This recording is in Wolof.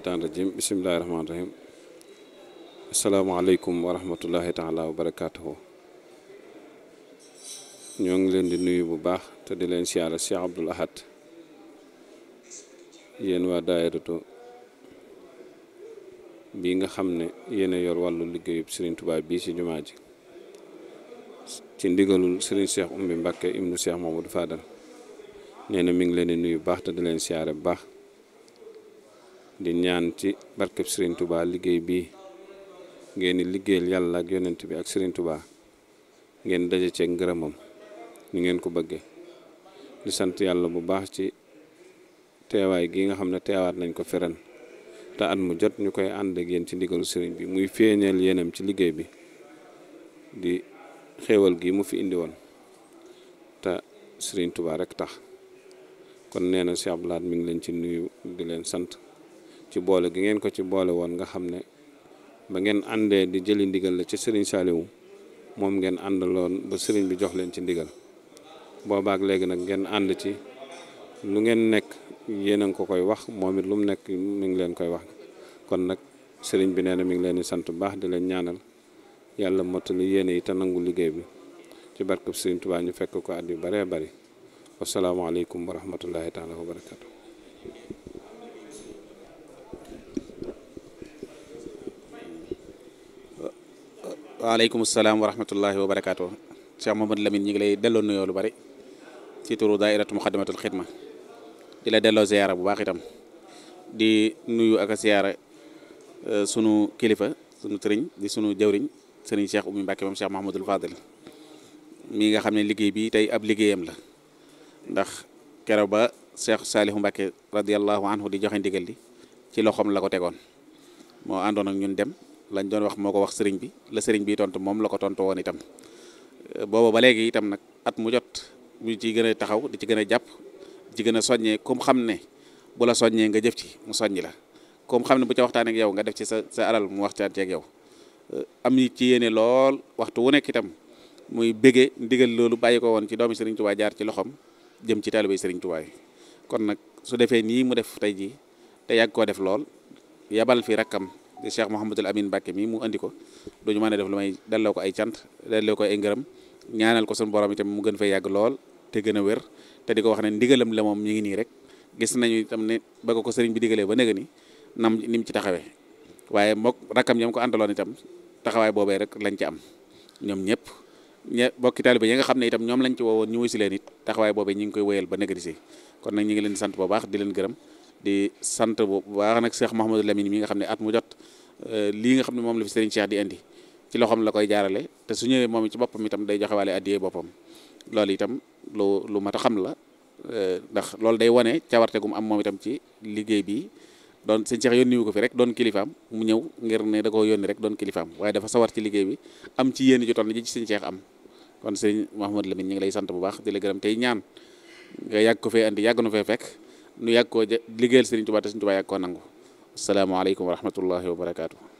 sheytaan rajim bisimilahi rahmaani rahim asalaamaaleykum wa rahmatullahi taala wa barakaatuhu ñoo ngi leen di nuyu bu baax te di leen siyaara si Abdul Ahad yéen waa daayiratu bii nga xam ne yéen a yor wàllu liggéeyub Serigne Touba bii ci jumaa ji ci ndigalul Serigne Cheikh Oumy Mbacke ibnu Cheikh Mamadou Fadal nee na mi ngi leen di nuyu bu baax te di leen siyaare bu baax di ñaan ci barkeb Serigne Touba liggéey bi ngeen di liggéeyal yàlla ak yonent bi ak Serigne tubaa ngeen daje cee ngërëmam ñu ngeen ko bëggee di sant yàlla bu baax ci teewaay gi nga xam ne teewaat nañ ko feren te at mu jot ñu koy ànd ak yéen ci ndigalu Serigne bi muy feeñeel yéenam ci liggéey bi di xéewal gi mu fi indi woon te Serigne tubaa rek tax kon nee na mi ngi leen ci nuyu di leen sant. ci boole gi ngeen ko ci boole woon nga xam ne ba ngeen àndee di jëli ndigal la ci sëriñ Saliou moom ngeen àndaloon ba sëriñ bi jox leen ci ndigal boobaak léegi nag ngeen ànd ci lu ngeen nekk yéen a ngi ko koy wax moom it lu mu nekk mi ngi leen koy wax kon nag sëriñ bi nee na mi ngi leen di sant bu baax di leen ñaanal yàlla mottali yéene yi te nangu liggéey bi ci barkab sëriñ Tuubaa ñu fekk ko at yu bare bari wasalaamaaleykum wa rahmatullahi taala wa barakatu waaleykum salaam wa rahmatullahi wa barakaatu Cheikh Mamadou Lamine ñi ngi lay delloo nuyoo lu bari ci turu daairatu muqaddamatul xidma di la delloo ziyaara bu baax itam di nuyu ak a ziyaara euh, sunu kilifa sunu sëriñ di sunu jawriñ sëriñ Cheikh Oumy Mbacke moom Cheikh Mahamadul Fadil mi nga xam ne liggéey bi tey ab liggéeyam la ndax keroog ba Cheikh Salihu Mbacke radiallahu anhu di joxe ndigal li ci loxoom la ko tegoon moo àndoon ñun dem. lañ doon wax moo ko wax sëriñ bi la sëriñ bi tontu moom la ko tontu woon itam booba ba léegi itam nag at mu jot mu ci gën a taxaw di ci gën a jàpp ci gën a soññee comme xam ne bu la soññee nga jëf ci mu soññ la comme xam ne bu ca waxtaan ak yow nga def ci sa sa alal mu waxtaan ci ak yow am yi ci yéene lool waxtu wu nekk itam muy bége ndigal loolu bàyyi ko woon ci doomi Serigne Touba jaar ci loxoom jëm ci taalibe Serigne Touba yi kon nag su defee nii mu def tey jii te yàgg koo def lool yabal fi rakkam di Cheikh Mouhamadul Amin Mbacke mi mu andi ko duñu mën a def lu may delloo ko ay cant delloo ko ay ngërëm ñaanal ko suñu borom itam mu gën fay yàgg lool te gën a wér te di ko wax ne ndigalam la moom ñu ngi nii rek gis nañu itam ne ba ko sëriñ bi digalee ba nega ni nam ni mu ci taxawee waaye mook rakkam ñam ko àndaloon itam taxawaay boobee rek lañ ci am ñoom ñëpp ñe bokki taalibe yi nga xam ne itam ñoom lañ ci woowoon ñu wuy si leen it taxawaay ngi ba négri si kon leen sant bu baax di leen gërëm di sant bu baax nag Cheikh Mouhamadou Lamine mi nga xam ne at mu jot euh, lii nga xam ne moom la fi Serigne Cheikh di indi ci loxoom la koy jaarale te su ñëwee moom ci boppam itam day joxewaale addiyee boppam lool itam lu lu mat a xam la euh, ndax loolu day wane cawarte gu am moom itam ci liggéey bi doon Serigne Cheikh yónni wu ko fi rek doon kilifaam mu ñëw ngir ne da koo yónni rek doon kilifaam waaye dafa sawar ci liggéey bi am ci yéen ju toll ji ci Serigne Cheikh am kon Serigne Mouhamadou Lamine ñu ngi lay sant bu baax gërëm tey ñaan yàgg ko andi yàgg nu fee fekk nu yàgg koo liggéeyal Sëriñ Tuubaa te Sëriñ Tuubaa yàgg koo nangu asalaamaaleykum wa rahmatullahi wa barakaatu.